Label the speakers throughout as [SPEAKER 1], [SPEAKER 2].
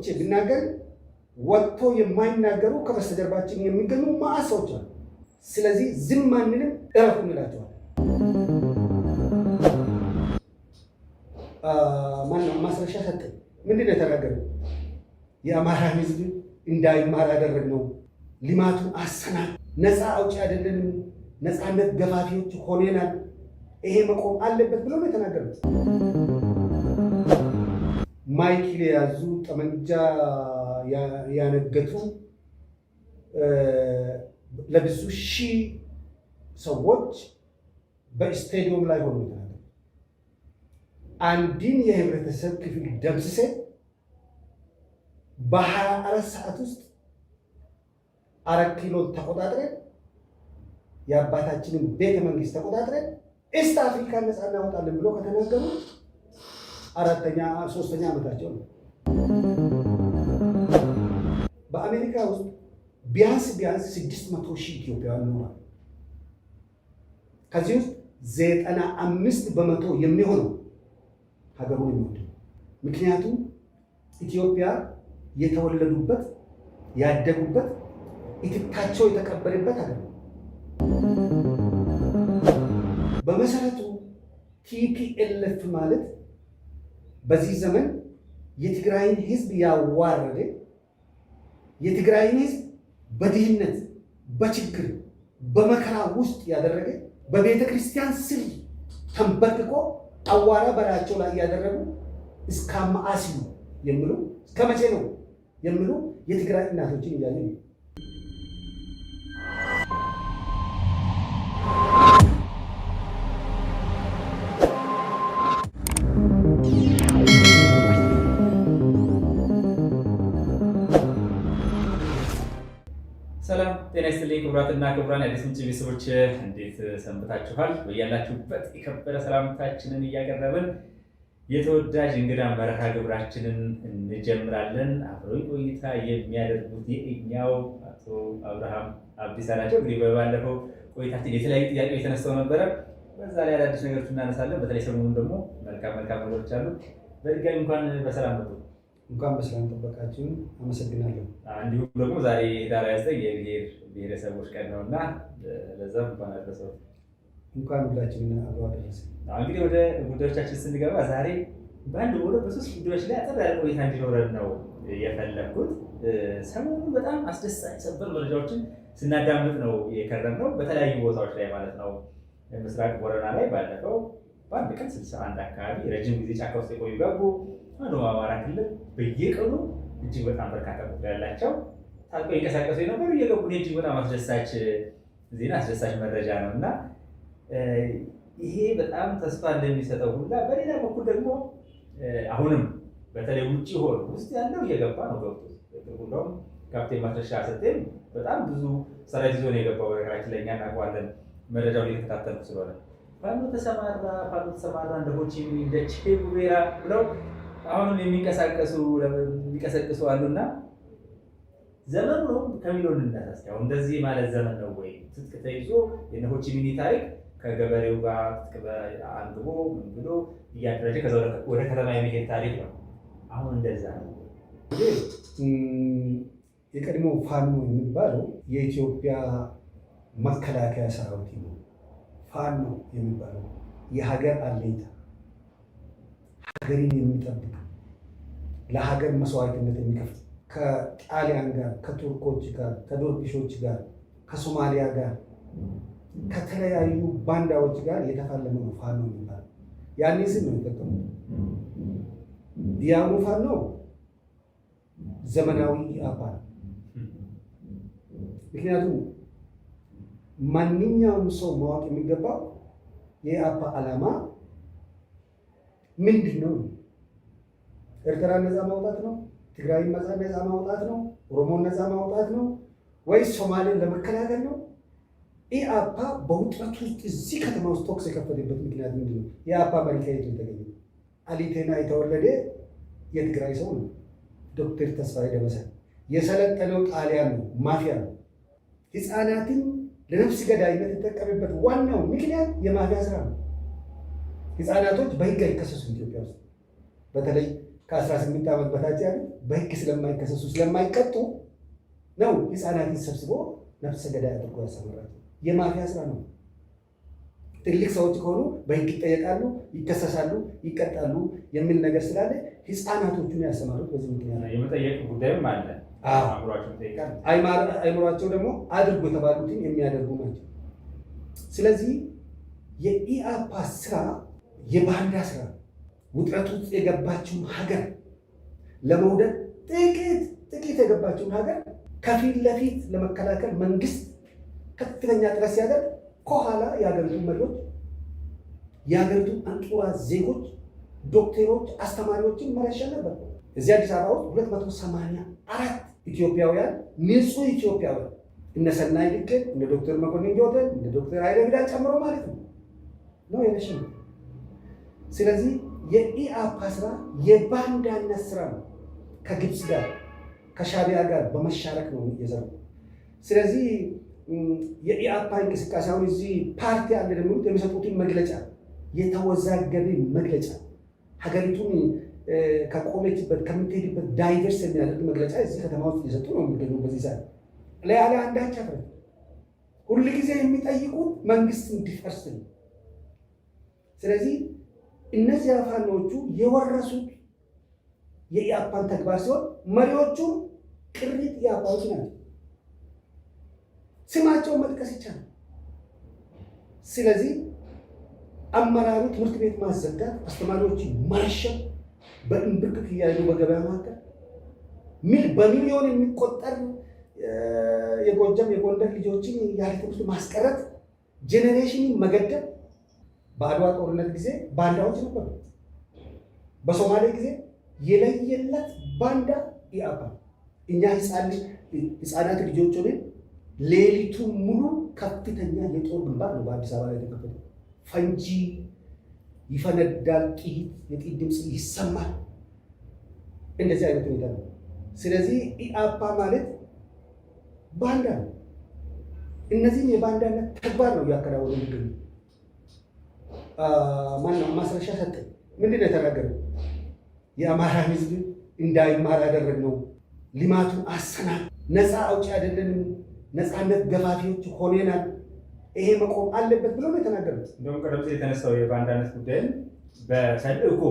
[SPEAKER 1] አውጥቼ ብናገር ወጥቶ የማይናገሩ ከበስተጀርባችን የሚገኙ መዓት ሰዎች አሉ። ስለዚህ ዝም ማንንም እረፉ እንላቸዋለን። ማነው ማስረሻ ሰጠ? ምንድን ነው የተናገረው? የአማራ ሕዝብ እንዳይማር ያደረግነው ልማቱ አሰናል፣ ነፃ አውጪ አይደለንም፣ ነፃነት ገፋፊዎች ሆነናል፣ ይሄ መቆም አለበት ብሎ ነው የተናገረው። ማይክል የያዙ ጠመንጃ ያነገቱ ለብዙ ሺህ ሰዎች በስቴዲየም ላይ ሆኑ አንድን የህብረተሰብ ክፍል ደምስሴ በሀያ አራት ሰዓት ውስጥ አራት ኪሎ ተቆጣጥረን የአባታችንን ቤተ መንግስት ተቆጣጥረን ኢስት አፍሪካ ነፃ እናወጣለን ብሎ ከተናገሩ አራተኛ ሶስተኛ ዓመታቸው ነው። በአሜሪካ ውስጥ ቢያንስ ቢያንስ ስድስት መቶ ሺህ ኢትዮጵያውያን ኖሯል። ከዚህ ውስጥ ዘጠና አምስት በመቶ የሚሆነው ሀገሩን የሚወድ ምክንያቱም ኢትዮጵያ የተወለዱበት ያደጉበት ኢትታቸው የተቀበረበት አገር ነው። በመሰረቱ ቲፒኤልኤፍ ማለት በዚህ ዘመን የትግራይን ህዝብ ያዋረደ የትግራይን ህዝብ በድህነት በችግር በመከራ ውስጥ ያደረገ በቤተ ክርስቲያን ስር ተንበርክቆ አዋራ በላያቸው ላይ ያደረጉ እስከ መዓሲ ነው የሚሉ እስከ መቼ ነው የምሉ የትግራይ እናቶችን እያለ
[SPEAKER 2] ክቡራትና ክቡራን የአዲስ ምንጭ ቤተሰቦች እንዴት ሰንብታችኋል? በያላችሁበት የከበረ ሰላምታችንን እያቀረብን የተወዳጅ እንግዳ መርሃ ግብራችንን እንጀምራለን። አብሮኝ ቆይታ የሚያደርጉት የእኛው አቶ አብርሃም አብዲሳ ናቸው። እንግዲህ በባለፈው ቆይታችን የተለያዩ ጥያቄ የተነሳው ነበረ። በዛ ላይ አዳዲስ ነገሮች እናነሳለን። በተለይ ሰሞኑን ደግሞ መልካም መልካም ነገሮች አሉ። በድጋሚ እንኳን በሰላም መጡ።
[SPEAKER 3] እንኳን በሰላም ጠበቃችሁን። አመሰግናለሁ።
[SPEAKER 2] እንዲሁም ደግሞ ዛሬ ህዳር ያዘ የብሔር ብሔረሰቦች ቀን ነው እና ለዛም እንኳን አደረሰው
[SPEAKER 3] እንኳን ሁላችንን አብሮ አደረሰ።
[SPEAKER 2] እንግዲህ ወደ ጉዳዮቻችን ስንገባ ዛሬ በአንድ ወደ በሶስት ጉዳዮች ላይ አጠር ያለ ቆይታ እንዲኖረን ነው የፈለግኩት። ሰሞኑን በጣም አስደሳች ሰበር መረጃዎችን ስናዳምጥ ነው የከረም ነው በተለያዩ ቦታዎች ላይ ማለት ነው። ምስራቅ ቦረና ላይ ባለፈው በአንድ ቀን ስልሳ አንድ አካባቢ ረጅም ጊዜ ጫካ ውስጥ የቆዩ ገቡ አድዋ አማራ ክልል በየቀኑ እጅግ በጣም በርካታ ቁጥር ያላቸው ታጥቆ ይንቀሳቀሱ የነበሩ እየገቡ እጅግ በጣም አስደሳች ዜና አስደሳች መረጃ ነው እና ይሄ በጣም ተስፋ እንደሚሰጠው ሁላ በሌላ በኩል ደግሞ አሁንም በተለይ ውጭ ሆኖ ውስጥ ያለው እየገባ ነው ገብቶ ሁም ካፕቴን ማስረሻ ሰጤም በጣም ብዙ ሰራዊት ይዞ ነው የገባው። በነገራችን ለእኛ እናውቀዋለን መረጃው እየተከታተሉ ስለሆነ ፋኖ ተሰማራ ፋኖ ተሰማራ እንደ ሆቺሚን እንደ ቼጉቬራ ብለው አሁንም የሚንቀሳቀሱ የሚቀሰቅሱ አሉና ዘመኑ ነው ከሚለው እንነሳስ። ያው እንደዚህ ማለት ዘመን ነው ወይ ትጥቅ ተይዞ የነሆች ሚኒ ታሪክ ከገበሬው ጋር ትጥቅ አንግቦ ምን ብሎ እያደረጀ ከዛ ወደ ከተማ የሚሄድ ታሪክ ነው። አሁን እንደዛ ነው።
[SPEAKER 1] የቀድሞው ፋኖ የሚባለው የኢትዮጵያ መከላከያ ሰራዊት ነው። ፋኖ የሚባለው የሀገር አለኝታ ሀገርን የሚጠብቅ ለሀገር መስዋዕትነት የሚከፍል ከጣሊያን ጋር ከቱርኮች ጋር ከዶርቢሾች ጋር ከሶማሊያ ጋር ከተለያዩ ባንዳዎች ጋር የተፋለመ ነው ፋኖ የሚባለው። ያኔ ስም ነው የጠቀሙት። ዲያሙ ፋኖ ዘመናዊ አባል ምክንያቱም ማንኛውም ሰው ማወቅ የሚገባው የኢአፓ ዓላማ ምንድን ነው? ኤርትራ ነፃ ማውጣት ነው? ትግራይን ትግራይ ነፃ ማውጣት ነው? ኦሮሞን ነፃ ማውጣት ነው ወይስ ሶማሌን ለመከላከል ነው? ኢአፓ በውጥረት ውስጥ እዚህ ከተማ ውስጥ ተኩስ የከፈተበት ምክንያት ምንድን ነው? ኢአፓ መሪ ከየት ነው አሊቴና የተወለደ የትግራይ ሰው ነው። ዶክተር ተስፋዬ ደመሰ የሰለጠነው ጣሊያን ነው፣ ማፊያ ነው። ህፃናትን ለነፍስ ገዳይነት የተጠቀመበት ዋናው ምክንያት የማፊያ ስራ ነው። ህፃናቶች በህግ አይከሰሱም ኢትዮጵያ ውስጥ በተለይ ከ18 ዓመት በታች ያሉ በህግ ስለማይከሰሱ ስለማይቀጡ ነው ህፃናትን ሰብስቦ ነፍሰ ገዳይ አድርጎ ያሰማራቸው። የማፊያ ስራ ነው። ትልቅ ሰዎች ከሆኑ በህግ ይጠየቃሉ፣ ይከሰሳሉ፣ ይቀጣሉ የሚል ነገር ስላለ ህፃናቶቹን ያሰማሩት በዚህ
[SPEAKER 2] ምክንያት የመጠየቅ ጉዳይም አለ።
[SPEAKER 1] አይምሯቸው ደግሞ አድርጎ የተባሉትን የሚያደርጉ ናቸው። ስለዚህ የኢአፓ ስራ የባንዳ ስራ ውጥረት ውስጥ የገባችውን ሀገር ለመውደድ ጥቂት ጥቂት የገባችውን ሀገር ከፊት ለፊት ለመከላከል መንግስት ከፍተኛ ጥረት ሲያደርግ ከኋላ የሀገሪቱን መሪዎች የሀገሪቱ አንጡራ ዜጎች፣ ዶክተሮች፣ አስተማሪዎችን መረሸን ነበር። እዚህ አዲስ አበባ ውስጥ ሁለት አራት ኢትዮጵያውያን ንጹህ ኢትዮጵያውያን እነ ሰናይ ልክ እነ ዶክተር መኮንን ጆተን እነ ዶክተር ኃይለ ግራኝ ጨምሮ ማለት ነው ነው ነው። ስለዚህ የኢአፓ ስራ የባንዳነት ስራ ነው። ከግብፅ ጋር ከሻቢያ ጋር በመሻረክ ነው የዘሩ። ስለዚህ የኢአፓ እንቅስቃሴ አሁን እዚህ ፓርቲ አለ ደግሞ የሚሰጡትን መግለጫ የተወዛገበ መግለጫ ሀገሪቱን ከቆመችበት ከምትሄድበት ዳይቨርስ የሚያደርግ መግለጫ እዚህ ከተማ ውስጥ እየሰጡ ነው የሚገኙ። በዚህ ሰዓት ላይ ያለ አንዳች ሁልጊዜ የሚጠይቁት መንግስት እንዲፈርስ ነው። ስለዚህ እነዚህ አፋኖቹ የወረሱት የኢያፓን ተግባር ሲሆን መሪዎቹ ቅሪት ኢያፓዎች ናቸው። ስማቸው መጥቀስ ይቻላል። ስለዚህ አመራሩ ትምህርት ቤት ማዘጋት፣ አስተማሪዎች ማሸብ፣ በእንብርክክ እያሉ በገበያ መካከል ሚል በሚሊዮን የሚቆጠር የጎጃም የጎንደር ልጆችን ያለ ትምህርት ማስቀረት ጄኔሬሽን መገደብ በአድዋ ጦርነት ጊዜ ባንዳዎች ነበሩ። በሶማሌ ጊዜ የለየለት ባንዳ ይአባል። እኛ ህፃናት ልጆች ሆነን ሌሊቱ ሙሉ ከፍተኛ የጦር ግንባር ነው በአዲስ አበባ ላይ የተከፈተው። ፈንጂ ይፈነዳል፣ ጥይት የጥይት ድምፅ ይሰማል። እንደዚህ አይነት ሁኔታ ነው። ስለዚህ ኢአፓ ማለት ባንዳ ነው። እነዚህም የባንዳነት ተግባር ነው እያከናወኑ የሚገኙት። ማስረሻ ሰጠ። ምንድን ነው የተናገረው? የአማራ ህዝብ እንዳይማር ያደረግ ነው። ልማቱን አሰናል፣ ነፃ አውጪ አይደለንም፣ ነፃነት ገፋፊዎች ሆነናል፣ ይሄ መቆም አለበት ብሎ ነው የተናገሩት።
[SPEAKER 2] እንደውም ቀደም ሲል የተነሳው የባንዳነት ጉዳይም በተልእኮ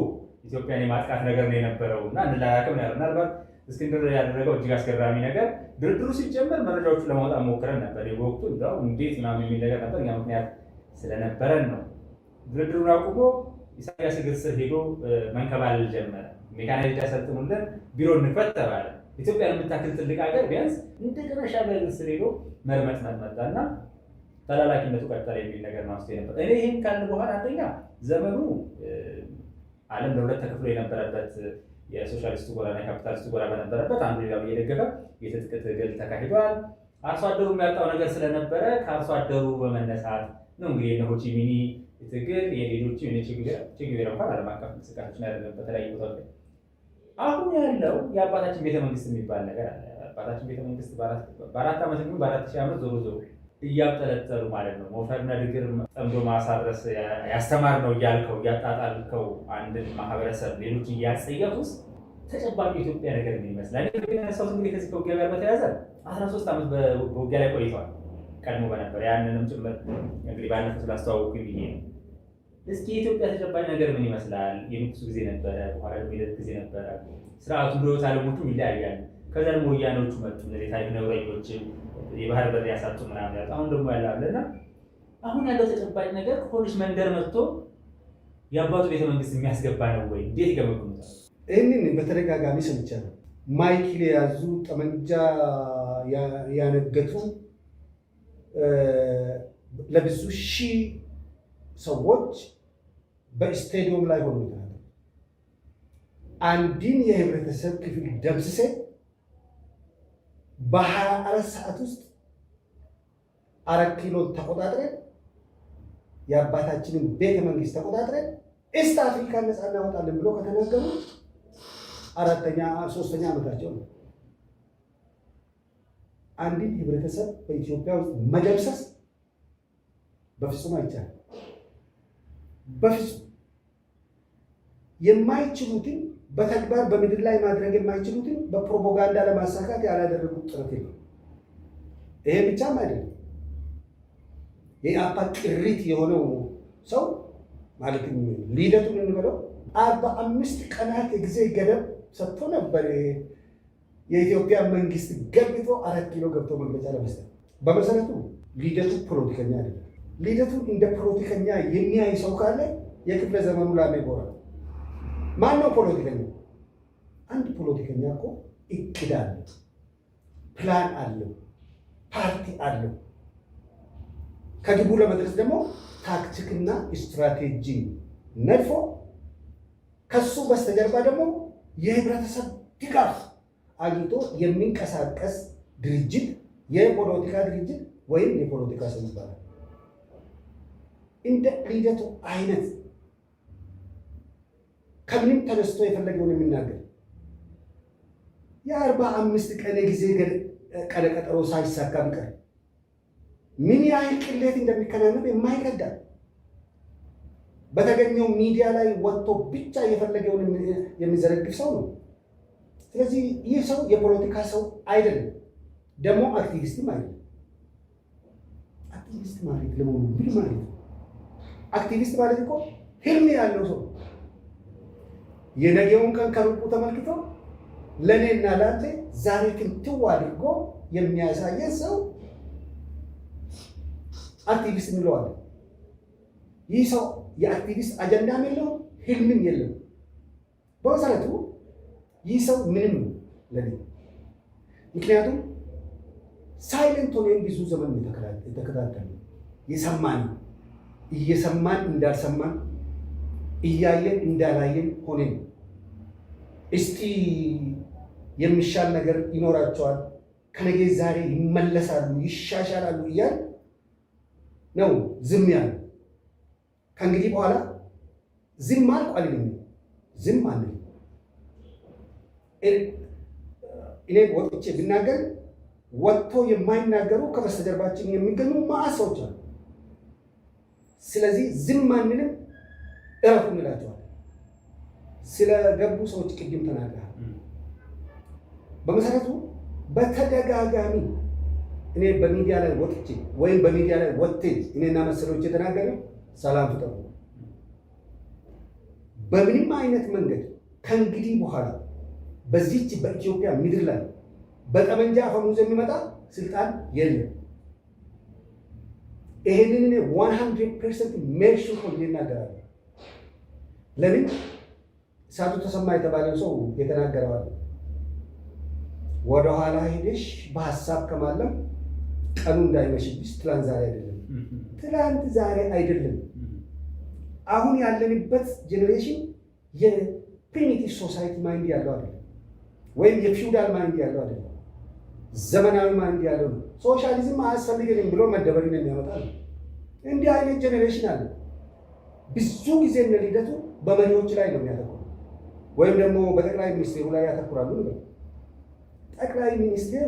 [SPEAKER 2] ኢትዮጵያን የማጥቃት ነገር ነው የነበረው እና እንላላቅም ነው ያለው። ምናልባት እስክንድር ያደረገው እጅግ አስገራሚ ነገር ድርድሩ ሲጀመር መረጃዎቹ ለማውጣት ሞክረን ነበር። የወቅቱ እንዲያው እንዴት ምናምን የሚል ነገር ነበር እኛ ምክንያት ስለነበረን ነው ድርድሩን አቁሞ ኢሳያስ እግር ስር ሄዶ መንከባለል ጀመረ። ሜካናይዝድ ያሰልጥኑልን፣ ቢሮ እንክፈት ተባለ። ኢትዮጵያን የምታክል ትልቅ ሀገር ቢያንስ እንደገና ሻዕቢያ እግር ስር ሄዶ መርመጥ መጥመጣ እና ተላላኪነቱ ቀጠለ የሚል ነገር ማስቴ ነበር። እኔ ይህን ካል በኋላ አንደኛ ዘመኑ ዓለም ለሁለት ተከፍሎ የነበረበት የሶሻሊስቱ ጎራና እና የካፒታሊስቱ ጎራ በነበረበት አንዱ ሌላው እየደገፈ የትጥቅ ትግል ተካሂዷል። አርሶ አደሩ የሚያጣው ነገር ስለነበረ ከአርሶ አደሩ በመነሳት ነው እንግዲህ እነ ሆቺሚኒ ትግል የሌሎች ችግር እንኳን ዓለም አቀፍ እንቅስቃሴዎችን ያደረገ በተለያዩ ቦታዎች ላይ አሁን ያለው የአባታችን ቤተመንግስት የሚባል ነገር አለ። አባታችን ቤተመንግስት በአራት ዓመት ግን በአራት ሺህ ዓመት ዞሮ ዞሮ እያብጠለጠሉ ማለት ነው። መውፈርና ድግር ጠምዶ ማሳረስ ያስተማር ነው እያልከው እያጣጣልከው አንድን ማህበረሰብ ሌሎች እያጸየፉ ውስጥ ተጨባጭ የኢትዮጵያ ነገር ምን ይመስላል? ሰውት እንግዲህ ከዚህ ከውጊያ ጋር በተያያዘ አስራ ሶስት ዓመት በውጊያ ላይ ቆይተዋል። ቀድሞ በነበር ያንንም ጭምር እንግዲህ ባለፉት ላስተዋወቁ ብዬ ነው እስኪ የኢትዮጵያ ተጨባጭ ነገር ምን ይመስላል? የንጉሱ ጊዜ ነበረ፣ በኋላ ደግሞ የደርግ ጊዜ ነበረ። ስርዓቱ ብሎት አለሞቹ ይለያያሉ። ከዛ ደግሞ ወያኔዎቹ መጡ፣ እነዚህ ታሪክ ነውረኞች የባህር በር ያሳጡ ምናምን ያሉ። አሁን ደግሞ ያለ አለና አሁን ያለው ተጨባጭ ነገር ከሆነች መንደር መጥቶ የአባቱ ቤተ መንግስት የሚያስገባ ነው ወይ? እንዴት ይገመግሙታል?
[SPEAKER 1] ይህንን በተደጋጋሚ ሰምቻለሁ። ማይክል የያዙ ጠመንጃ ያነገቱ ለብዙ ሺህ ሰዎች በስቴዲየም ላይ ሆኖ ይላል። አንድን የህብረተሰብ ክፍል ደምስሴ በ24 ሰዓት ውስጥ አራት ኪሎ ተቆጣጥረን የአባታችንን ቤተ መንግስት ተቆጣጥረን ኢስት አፍሪካ ነጻ እናወጣለን ብሎ ከተናገሩ አራተኛ ሶስተኛ ዓመታቸው ነው። አንድን ህብረተሰብ በኢትዮጵያ ውስጥ መደምሰስ በፍጹም አይቻልም። በፍጹም የማይችሉትን በተግባር በምድር ላይ ማድረግ የማይችሉትን በፕሮፓጋንዳ ለማሳካት ያላደረጉት ጥረት ነው። ይሄ ብቻም አይደለም። የአባ ቅሪት የሆነው ሰው ማለት ልደቱን እንበለው አርባ አምስት ቀናት የጊዜ ገደብ ሰጥቶ ነበር የኢትዮጵያ መንግስት ገብቶ አራት ኪሎ ገብቶ መግለጫ ለመስጠት። በመሰረቱ ልደቱ ፖለቲከኛ አይደለም። ልደቱ እንደ ፖለቲከኛ የሚያይ ሰው ካለ የክፍለ ዘመኑ ላሜ ይጎራል። ነው ፖለቲከኛ? አንድ ፖለቲከኛ እኮ እቅድ አለው፣ ፕላን አለው፣ ፓርቲ አለው። ከግቡ ለመድረስ ደግሞ ታክቲክና ስትራቴጂ ነድፎ ከሱ በስተጀርባ ደግሞ የህብረተሰብ ድጋፍ አግኝቶ የሚንቀሳቀስ ድርጅት የፖለቲካ ድርጅት ወይም የፖለቲካ ሰው ይባላል። እንደ ሂደቱ አይነት ከምንም ተነስቶ የፈለገውን የሚናገር የአርባ አምስት ቀን ጊዜ ቀነ ቀጠሮ ሳይሳካ ቀር ምን ያህል ቅሌት እንደሚከናነብ የማይረዳ በተገኘው ሚዲያ ላይ ወጥቶ ብቻ የፈለገውን የሚዘረግፍ ሰው ነው። ስለዚህ ይህ ሰው የፖለቲካ ሰው አይደለም፣ ደግሞ አክቲቪስትም አይደለም። አክቲቪስት ማለት ለመሆኑ ምን ማለት ነው? አክቲቪስት ማለት እኮ ህልም ያለው ሰው የነገውን ቀን ከሩቁ ተመልክቶ ለእኔና ለአንተ ዛሬ ክንትው አድርጎ የሚያሳየን ሰው አክቲቪስት እንለዋለን። ይህ ሰው የአክቲቪስት አጀንዳም የለው ህልምም የለም? በመሰረቱ ይህ ሰው ምንም ነው ለኔ። ምክንያቱም ሳይለንት ሆነን ብዙ ዘመን የተከታተል የሰማን እየሰማን እንዳልሰማን እያየን እንዳላየን ሆነን እስቲ የሚሻል ነገር ይኖራቸዋል፣ ከነገ ዛሬ ይመለሳሉ፣ ይሻሻላሉ እያል ነው ዝም ያሉ። ከእንግዲህ በኋላ ዝም አልኩ አልልም፣ ዝም አለ። እኔ ወጥቼ ብናገር ወጥቶ የማይናገሩ ከበስተጀርባችን የሚገኙ ማአሰዎች አሉ። ስለዚህ ዝም አንልም፣ እረፉ እንላቸዋል። ስለገቡ ሰዎች ቅድም ተናግረሃል። በመሰረቱ በተደጋጋሚ እኔ በሚዲያ ላይ ወጥቼ ወይም በሚዲያ ላይ ወጥተጅ እኔና መሰሎች የተናገረ ሰላም ፍጠሩ። በምንም አይነት መንገድ ከእንግዲህ በኋላ በዚች በኢትዮጵያ ምድር ላይ በጠመንጃ አፈሙዝ የሚመጣ ስልጣን የለም። ይህንን 100 ፐርሰንት ሜርሽ ሆ እናገራለሁ። ለምን ሳቱ ተሰማ የተባለው ሰው የተናገረዋል። ወደኋላ ሄደሽ በሀሳብ ከማለም ቀኑ እንዳይመሽብሽ። ትላንት ዛሬ አይደለም፣ ትላንት ዛሬ አይደለም። አሁን ያለንበት ጄኔሬሽን የፕሪሚቲቭ ሶሳይቲ ማይንድ ያለው አይደለም፣ ወይም የፊውዳል ማይንድ ያለው አይደለም። ዘመናዊ ማይንድ ያለው ነው። ሶሻሊዝም አያስፈልገንም ብሎ መደበርን የሚያመጣ ነው። እንዲህ አይነት ጄኔሬሽን አለ። ብዙ ጊዜ እነ ልደቱ በመሪዎች ላይ ነው የሚያደርገው ወይም ደግሞ በጠቅላይ ሚኒስቴሩ ላይ ያተኩራሉ ጠቅላይ ሚኒስቴሩ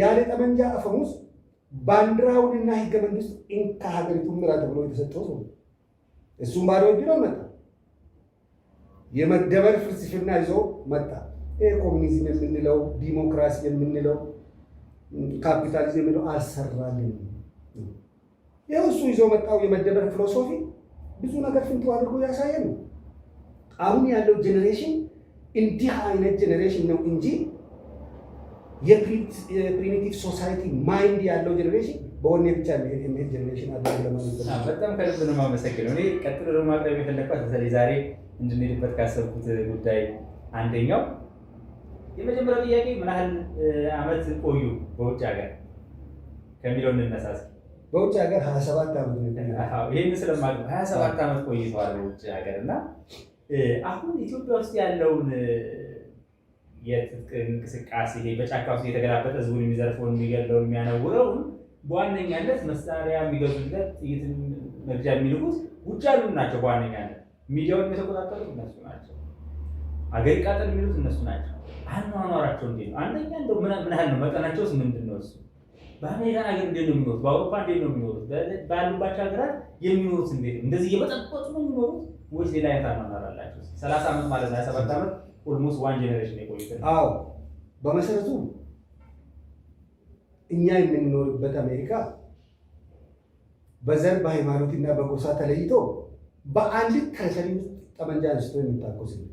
[SPEAKER 1] ያለ ጠመንጃ አፈሙዝ ባንዲራውንና ህገ መንግስት እንካ ሀገሪቱ ምራ ተብሎ የተሰጠው ሰው እሱም ባዶ እጁ ነው መጣ። የመደበር ፍልስፍና ይዞ መጣ። ኮሚኒዝም የምንለው ዲሞክራሲ የምንለው ካፒታሊዝም የምንለው አልሰራልን። ይህ እሱ ይዞ መጣው የመደበር ፊሎሶፊ ብዙ ነገር ፍንቶ አድርጎ ያሳየ ነው። አሁን ያለው ጄኔሬሽን እንዲህ አይነት ጄኔሬሽን ነው እንጂ የፕሪሚቲቭ ሶሳይቲ ማይንድ ያለው ጄኔሬሽን በወኔ ብቻ የሚሄድ ጄኔሬሽን
[SPEAKER 2] አለ። በጣም ከልብ ነው የማመሰግነው። እኔ ቀጥሎ ደግሞ ማቅረብ የፈለግኳት በተለይ ዛሬ እንድንሄድበት ካሰብኩት ጉዳይ አንደኛው የመጀመሪያው ጥያቄ ምን ያህል ቆዩ በውጭ ሀገር ከሚለው እንነሳስ።
[SPEAKER 1] በውጭ ሀገር ሀያ ሰባት ዓመት
[SPEAKER 2] ይህን ስለማውቅ ሀያ ሰባት ቆይተዋል በውጭ ሀገር እና አሁን ኢትዮጵያ ውስጥ ያለውን የትጥቅ እንቅስቃሴ በጫካ ውስጥ የተገላበጠ ህዝቡን የሚዘርፈውን የሚገድለውን የሚያነውረውን በዋነኛነት መሳሪያ የሚገዙለት ጥይትን መግዣ የሚልኩት ውጭ አሉ ናቸው። በዋነኛነት ሚዲያውን የተቆጣጠሩት እነሱ ናቸው። አገር ቃጠል የሚሉት እነሱ ናቸው። አኗኗራቸው እንዴት ነው? አንደኛ እንደው ምን ያህል ነው? መጠናቸውስ ምንድን ነው? እሱ በአሜሪካን ሀገር እንዴት ነው የሚኖሩት? በአውሮፓ እንዴት ነው የሚኖሩት? ባሉባቸው ሀገራት የሚኖሩት እንዴት ነው? እንደዚህ እየበጠበጡ ነው የሚኖሩት ወይስ ሌላ አይነት አኗኗር አላቸው? ሰላሳ ዓመት ማለት ሀያ ሰባት ዓመት ኦልሞስት ዋን ጄኔሬሽን
[SPEAKER 1] የቆዩት። አዎ በመሰረቱ እኛ የምንኖርበት አሜሪካ በዘር በሃይማኖት እና በጎሳ ተለይቶ በአንድ ከሰሪ ውስጥ ጠመንጃ አንስቶ የሚታኮስ ነው።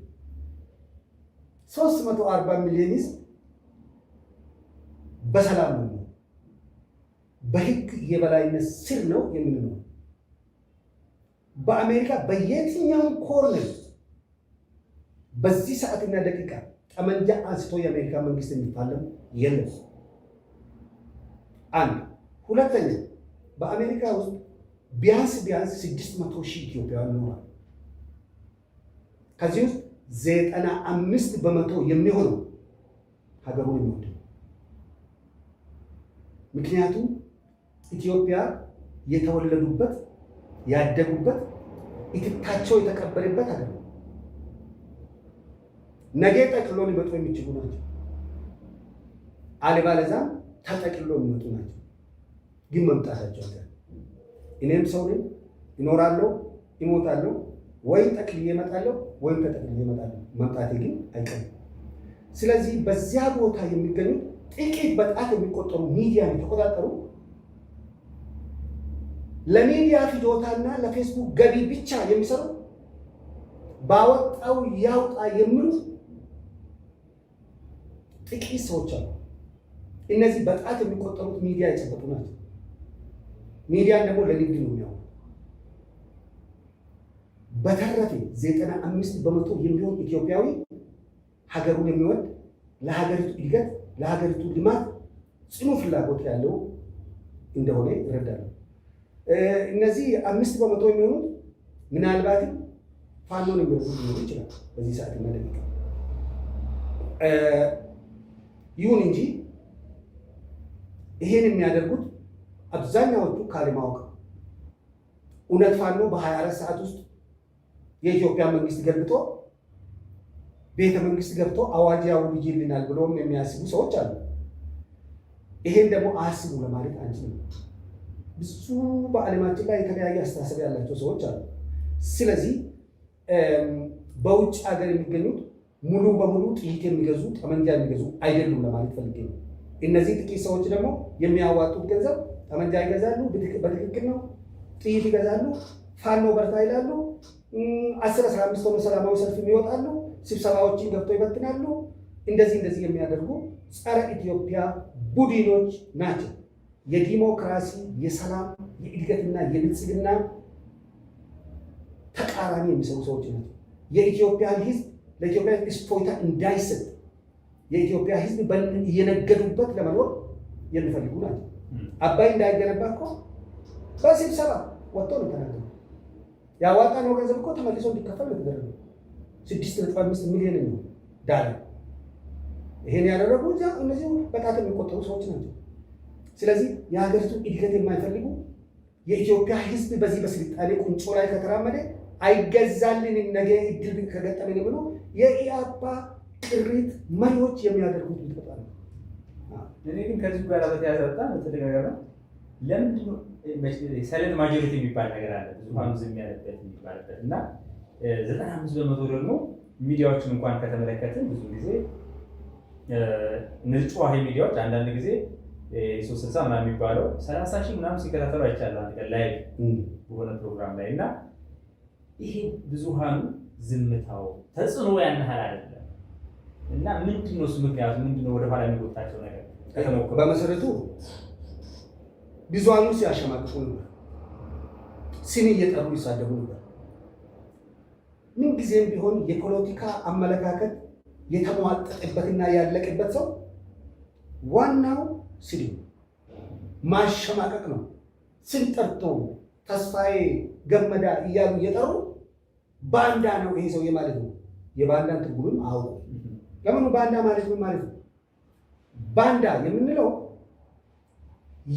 [SPEAKER 1] 340 ሚሊዮን ህዝብ በሰላም ነው፣ በህግ የበላይነት ስር ነው የምንኖር በአሜሪካ በየትኛውም ኮርነር በዚህ ሰዓትና ደቂቃ ጠመንጃ አንስቶ የአሜሪካ መንግስት የሚፋለም የለም። አንድ ሁለተኛ፣ በአሜሪካ ውስጥ ቢያንስ ቢያንስ ስድስት መቶ ሺህ ኢትዮጵያውያን ይኖራል። ከዚህ ውስጥ ዘጠና አምስት በመቶ የሚሆነው ሀገሩን የሚወድ ምክንያቱም ኢትዮጵያ የተወለዱበት ያደጉበት ኢትታቸው የተቀበለበት አለ ነገ ጠቅሎ ሊመጡ የሚችሉ ናቸው። አለበለዚያም ተጠቅሎ የሚመጡ ናቸው። ግን መምጣታቸው አለ። እኔም ሰው ነኝ፣ እኖራለሁ፣ እሞታለሁ። ወይ ጠቅልዬ እመጣለሁ ወይም ተጠቅልዬ እመጣለሁ። መምጣቴ ግን አይቀርም። ስለዚህ በዚያ ቦታ የሚገኙት ጥቂት በጣት የሚቆጠሩ ሚዲያ የተቆጣጠሩ ለሚዲያ ፍጆታና ለፌስቡክ ገቢ ብቻ የሚሰሩ ባወጣው ያውጣ የሚሉ ጥቂት ሰዎች አሉ። እነዚህ በጣት የሚቆጠሩት ሚዲያ የጨበጡ ናቸው። ሚዲያን ደግሞ ለንግድ ነው የሚያው በተረፈ ዘጠና አምስት በመቶ የሚሆን ኢትዮጵያዊ ሀገሩን የሚወድ ለሀገሪቱ እድገት ለሀገሪቱ ልማት ጽኑ ፍላጎት ያለው እንደሆነ ይረዳል። እነዚህ አምስት በመቶ የሚሆኑት ምናልባትም ፋኖን የሚረዱ ሊሆኑ ይችላል። በዚህ ሰዓት መደግ ይሁን እንጂ ይሄን የሚያደርጉት አብዛኛዎቹ ካለማወቅ እውነት ፋኖ በ24 ሰዓት ውስጥ የኢትዮጵያ መንግስት ገልብጦ ቤተ መንግስት ገብቶ አዋጅ ያውጅልናል ብሎም የሚያስቡ ሰዎች አሉ። ይሄን ደግሞ አያስቡ ለማለት አንችልም። ብዙ በዓለማችን ላይ የተለያየ አስተሳሰብ ያላቸው ሰዎች አሉ። ስለዚህ በውጭ ሀገር የሚገኙት ሙሉ በሙሉ ጥይት የሚገዙ ጠመንጃ የሚገዙ አይደሉም ለማለት ፈልጌ ነው። እነዚህ ጥቂት ሰዎች ደግሞ የሚያዋጡት ገንዘብ ጠመንጃ ይገዛሉ፣ በትክክል ነው። ጥይት ይገዛሉ፣ ፋኖ በርታ ይላሉ፣ አስር አስራ አምስት ሆኖ ሰላማዊ ሰልፍ ይወጣሉ፣ ስብሰባዎችን ገብቶ ይበትናሉ። እንደዚህ እንደዚህ የሚያደርጉ ጸረ ኢትዮጵያ ቡድኖች ናቸው። የዲሞክራሲ የሰላም የእድገትና የብልጽግና ተቃራኒ የሚሰሩ ሰዎች ናቸው። የኢትዮጵያ ህዝብ ለኢትዮጵያ ሕዝብ እንዳይሰጥ የኢትዮጵያ ህዝብ እየነገዱበት ለመኖር የሚፈልጉ ናቸው። አባይ እንዳይገነባ እኮ በስብሰባ ወጥቶ ነው ተናገሩ። ያዋጣነው ገንዘብ እኮ ተመልሶ እንዲከፈል የተደረገ ስድስት ነጥብ አምስት ሚሊዮን ዳላር። ይሄን ያደረጉ እነዚህ በጣት የሚቆጠሩ ሰዎች ናቸው። ስለዚህ የሀገሪቱን እድገት የማይፈልጉ የኢትዮጵያ ህዝብ በዚህ በስልጣኔ ቁንጮ ላይ ከተራመደ አይገዛልንም ነገ እድል ከገጠመን ብሎ የኢአባ ቅሪት መሪዎች የሚያደርጉት ምጥጣ
[SPEAKER 2] እኔ ግን ከዚህ ጋር በተያያዘ በጣም በተደጋጋሚ ለምንድነው ሰለንት ማጆሪቲ የሚባል ነገር አለ ብዙሃኑ ዝም ያለበት የሚባልበት እና ዘጠና አምስት በመቶ ደግሞ ሚዲያዎችን እንኳን ከተመለከትን ብዙ ጊዜ እነዚህ ጨዋሂ ሚዲያዎች አንዳንድ ጊዜ የሶስት ስልሳ ምናምን የሚባለው ሰላሳ ሺህ ምናም ሲከታተሉ አይቻለ አንድ ቀን ላይ በሆነ ፕሮግራም ላይ እና ይሄ ብዙሃኑ ዝምታው ተጽዕኖ ያን ያህል አይደለም እና ምንድነው እሱ ምክንያቱ ምንድነው ወደኋላ የሚጎታቸው ነገር በመሰረቱ ብዙሃኑ ሲያሸማቅቁ ነበር ስም እየጠሩ ይሳደቡ ነበር ምንጊዜም ቢሆን የፖለቲካ አመለካከት የተሟጠጠበትና ያለቅበት ሰው ዋናው ስድብ ማሸማቀቅ ነው። ስንጠርቶ ተስፋዬ ገመዳ እያሉ እየጠሩ ባንዳ ነው ይሄ ሰውዬ ማለት ነው። የባንዳን ትርጉምም አውቀ ለምኑ ባንዳ ማለት ምን ማለት ነው? ባንዳ የምንለው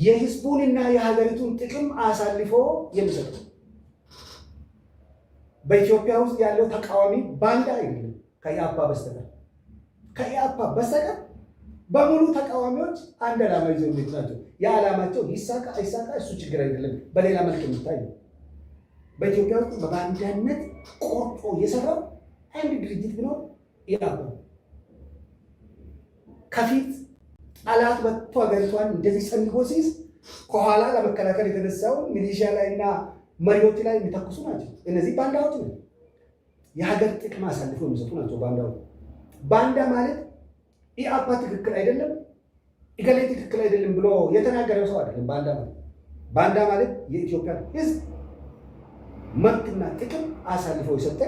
[SPEAKER 2] የህዝቡንና የሀገሪቱን ጥቅም አሳልፎ የሚሰጥ በኢትዮጵያ ውስጥ ያለው ተቃዋሚ ባንዳ አይደለም ከኢአፓ በስተቀር ከኢአፓ በስተቀር በሙሉ ተቃዋሚዎች አንድ ዓላማ ይዘው እንዴት ናቸው? የዓላማቸው ይሳካ አይሳካ እሱ ችግር አይደለም። በሌላ መልክ የሚታዩ በኢትዮጵያ ውስጥ በባንዳነት ቆርጦ የሰራው አንድ ድርጅት ብሎ ይላሉ። ከፊት ጠላት መጥቶ ሀገሪቷን እንደዚህ ሰንጎ ሲይዝ ከኋላ ለመከላከል የተነሳውን ሚሊሻ ላይ እና መሪዎች ላይ የሚተኩሱ ናቸው። እነዚህ ባንዳዎች ነው። የሀገር ጥቅም አሳልፈው የሚሰጡ ናቸው ባንዳው ባንዳ ማለት ይህ አባት ትክክል አይደለም፣ እገሌ ትክክል አይደለም ብሎ የተናገረው ሰው አይደለም። ባንዳ ማለት ባንዳ ማለት የኢትዮጵያ ሕዝብ መብትና ጥቅም አሳልፈው የሰጠ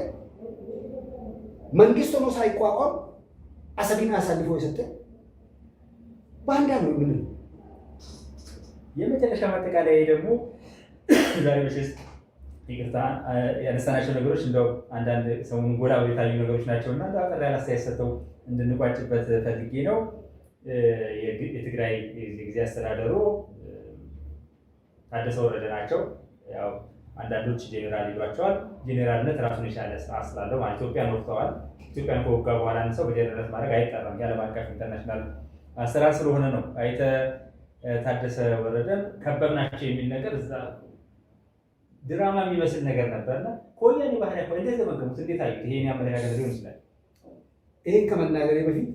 [SPEAKER 2] መንግስት ሆኖ ሳይቋቋም አሰብን አሳልፈው የሰጠ ባንዳ ነው የምንለው። የመጨረሻ ማጠቃለያ ደግሞ ዛሬ በሽስጥ ይቅርታ ያነሳናቸው ነገሮች እንደው አንዳንድ ሰሞኑን ጎላ የታዩ ነገሮች ናቸው እና ጠቅላይ አስተያየት ሰጥተው እንድንቋጭበት ፈልጌ ነው። የትግራይ ጊዜ አስተዳደሩ ታደሰ ወረደ ናቸው። ያው አንዳንዶች ጄኔራል ይሏቸዋል። ጄኔራልነት ራሱን የቻለ ስርዓት ስላለው ማለት ኢትዮጵያን ወቅተዋል። ኢትዮጵያን ከወጋ በኋላ ሰው በጀነራልነት ማድረግ አይጠራም። የዓለም አቀፍ ኢንተርናሽናል አሰራር ስለሆነ ነው። አይተ ታደሰ ወረደን ከበብናቸው የሚል ነገር እዛ ድራማ የሚመስል ነገር ነበርና ከወያኔ ባህሪያ እንደዚህ መገሙት እንዴት አዩት? ይሄን ያመለካከት ሊሆን ይችላል ይህን ከመናገሬ በፊት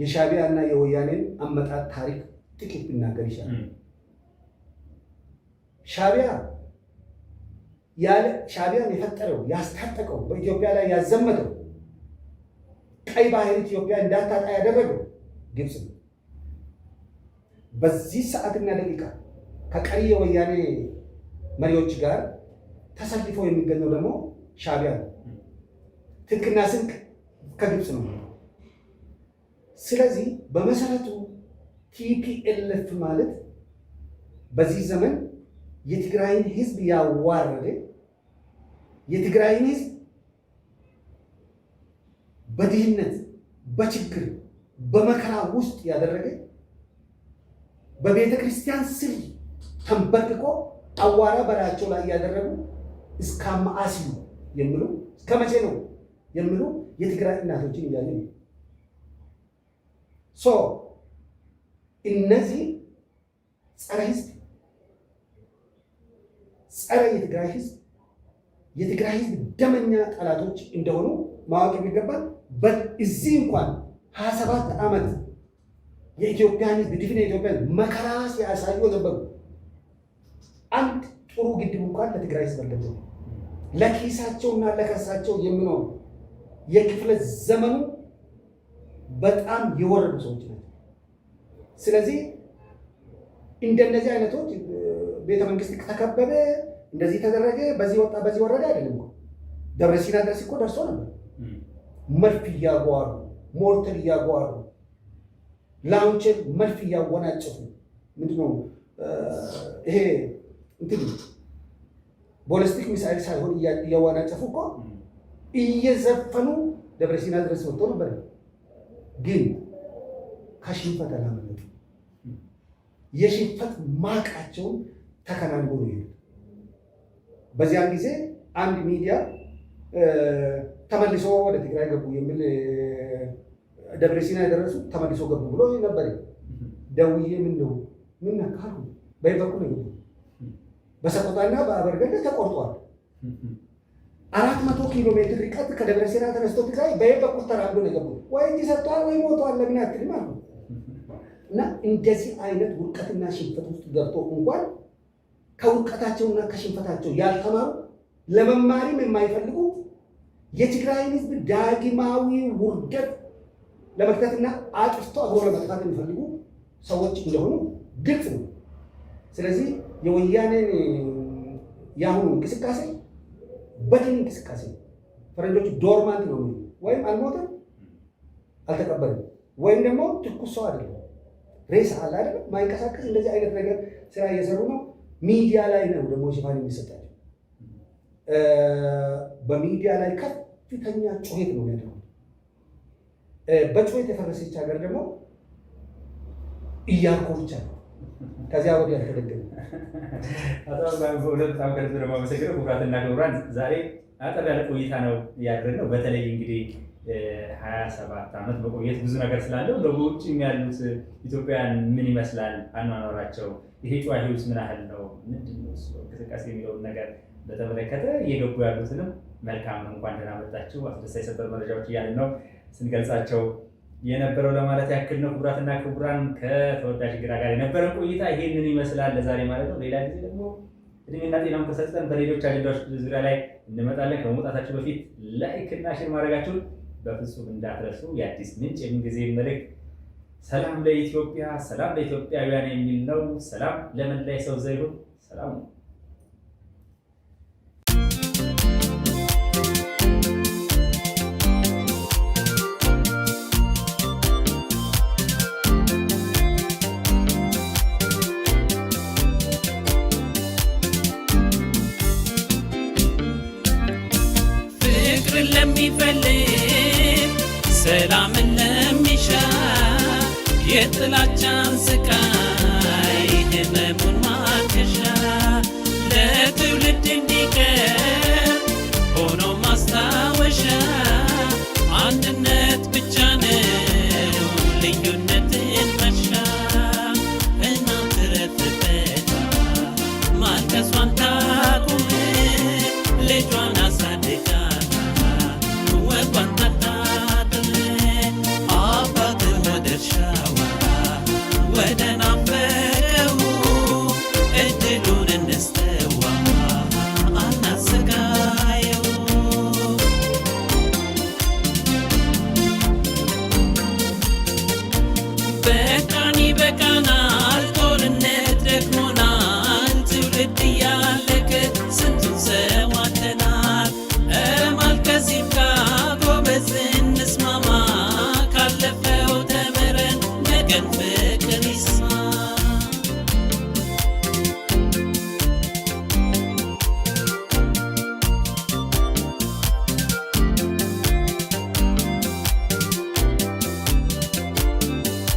[SPEAKER 2] የሻዕቢያ እና የወያኔን አመጣጥ ታሪክ ጥቂት ብናገር ይቻላል። ሻዕቢያ ሻዕቢያን የፈጠረው ያስታጠቀው በኢትዮጵያ ላይ ያዘመተው ቀይ ባህር ኢትዮጵያ እንዳታጣ ያደረገው ግብፅ ነው። በዚህ ሰዓትና ደቂቃ ከቀይ የወያኔ መሪዎች ጋር ተሰልፎ የሚገኘው ደግሞ ሻዕቢያ ነው። ትጥቅና ስንቅ ከግብፅ ነው። ስለዚህ በመሰረቱ ቲፒኤልኤፍ ማለት በዚህ ዘመን የትግራይን ህዝብ ያዋረደ የትግራይን ህዝብ በድህነት በችግር በመከራ ውስጥ ያደረገ በቤተ ክርስቲያን ስር ተንበርክኮ አዋራ በላያቸው ላይ ያደረጉ እስከ መዓስዩ የሚሉ እስከ መቼ ነው የሚሉ የትግራይ እናቶችን ነው። ሶ እነዚህ ጸረ ህዝብ፣ ጸረ የትግራይ ህዝብ፣ የትግራይ ህዝብ ደመኛ ጠላቶች እንደሆኑ ማወቅ የሚገባል። በእዚህ እንኳን ሀያ ሰባት ዓመት የኢትዮጵያን ህዝብ ድፍን የኢትዮጵያን መከራ ሲያሳዩ ነበሩ። አንድ ጥሩ ግድብ እንኳን ለትግራይ ህዝብ ለኪሳቸውና ለከሳቸው የምኖሩ የክፍለ ዘመኑ በጣም የወረዱ ሰዎች ናቸው። ስለዚህ እንደነዚህ አይነቶች ቤተ መንግስት ተከበበ፣ እንደዚህ ተደረገ፣ በዚህ ወጣ፣ በዚህ ወረደ አይደለም። ደብረ ሲና ድረስ እኮ ደርሶ ነበር። መድፍ እያጓሩ፣ ሞርተር እያጓሩ፣ ላውንቸር መድፍ እያወናጨፉ ምንድነው ይሄ እንትን ቦለስቲክ ሚሳይል ሳይሆን እያወናጨፉ እኮ እየዘፈኑ ደብረ ሲና ድረስ ወጥቶ ነበር። ግን ከሽንፈት አላመለጡ። የሽንፈት ማቃቸውን ተከናንጎ ነው ይሄዱ። በዚያን ጊዜ አንድ ሚዲያ ተመልሶ ወደ ትግራይ ገቡ የሚል ደብረ ሲና የደረሱ ተመልሶ ገቡ ብሎ ነበር። ደውዬ ምን ነው ምን ነካሉ በይበኩ ነው በሰቆጣና በአበርገደ ተቆርጧል። አራት መቶ ኪሎ ሜትር ርቀት ከደብረ ሴራ ተነስቶ ትግራይ በየት በኩል ተራዶ ነው ወይ ሰጥቷል ወይ ሞቷል። ለምን ማለት ነው። እና እንደዚህ አይነት ውድቀትና ሽንፈት ውስጥ ገብቶ እንኳን ከውድቀታቸውና ከሽንፈታቸው ያልተማሩ ለመማሪም የማይፈልጉ የትግራይን ሕዝብ ዳግማዊ ውርደት ለመክተትና አጥፍቶ አብሮ ለመጥፋት የሚፈልጉ ሰዎች እንደሆኑ ግልጽ ነው። ስለዚህ የወያኔን የአሁኑ እንቅስቃሴ በትን እንቅስቃሴ ፈረንጆቹ ዶርማንት ነው ወይም አልሞተም አልተቀበልም ወይም ደግሞ ትኩስ ሰው አይደለም ሬሳ አለ አይደለም ማይንቀሳቀስ እንደዚህ አይነት ነገር ስራ እየሰሩ ነው። ሚዲያ ላይ ነው ደግሞ ሽፋን የሚሰጣቸው። በሚዲያ ላይ ከፍተኛ ጩኸት ነው ያለው። በጩኸት የፈረሰች ሀገር ደግሞ እያልኮ ብቻ ነው ከዚያ ወዲያ ያልተደገመ አቶ በሁለት አምከርት ለማመሰግነው ኩራትና ክቡራን ዛሬ አጠር ያለ ቆይታ ነው ያደረግነው። በተለይ እንግዲህ ሀያ ሰባት ዓመት መቆየት ብዙ ነገር ስላለው በውጭም ያሉት ኢትዮጵያውያን ምን ይመስላል አኗኗራቸው፣ ይሄ ጨዋ ህይወት ምን ያህል ነው፣ ምንድን ነው እንቅስቃሴ የሚለውን ነገር በተመለከተ እየገቡ ያሉትንም መልካም እንኳን ደህና መጣችሁ አስደሳች ሰበር መረጃዎች እያልን ነው ስንገልጻቸው የነበረው ለማለት ያክል ነው። ክቡራትና ክቡራን ከተወዳጅ ግራ ጋር የነበረን ቆይታ ይህንን ይመስላል ለዛሬ ማለት ነው። ሌላ ጊዜ ደግሞ እድሜና ጤናም ከሰጠን በሌሎች አጀንዳዎች ዙሪያ ላይ እንመጣለን። ከመውጣታችን በፊት ላይክ እና ሼር ማድረጋችሁን በፍጹም እንዳትረሱ። የአዲስ ምንጭ የምንጊዜ መልክ ሰላም ለኢትዮጵያ፣ ሰላም ለኢትዮጵያውያን የሚል ነው። ሰላም ለመላይ ሰው ዘይሁን ሰላም ነው። la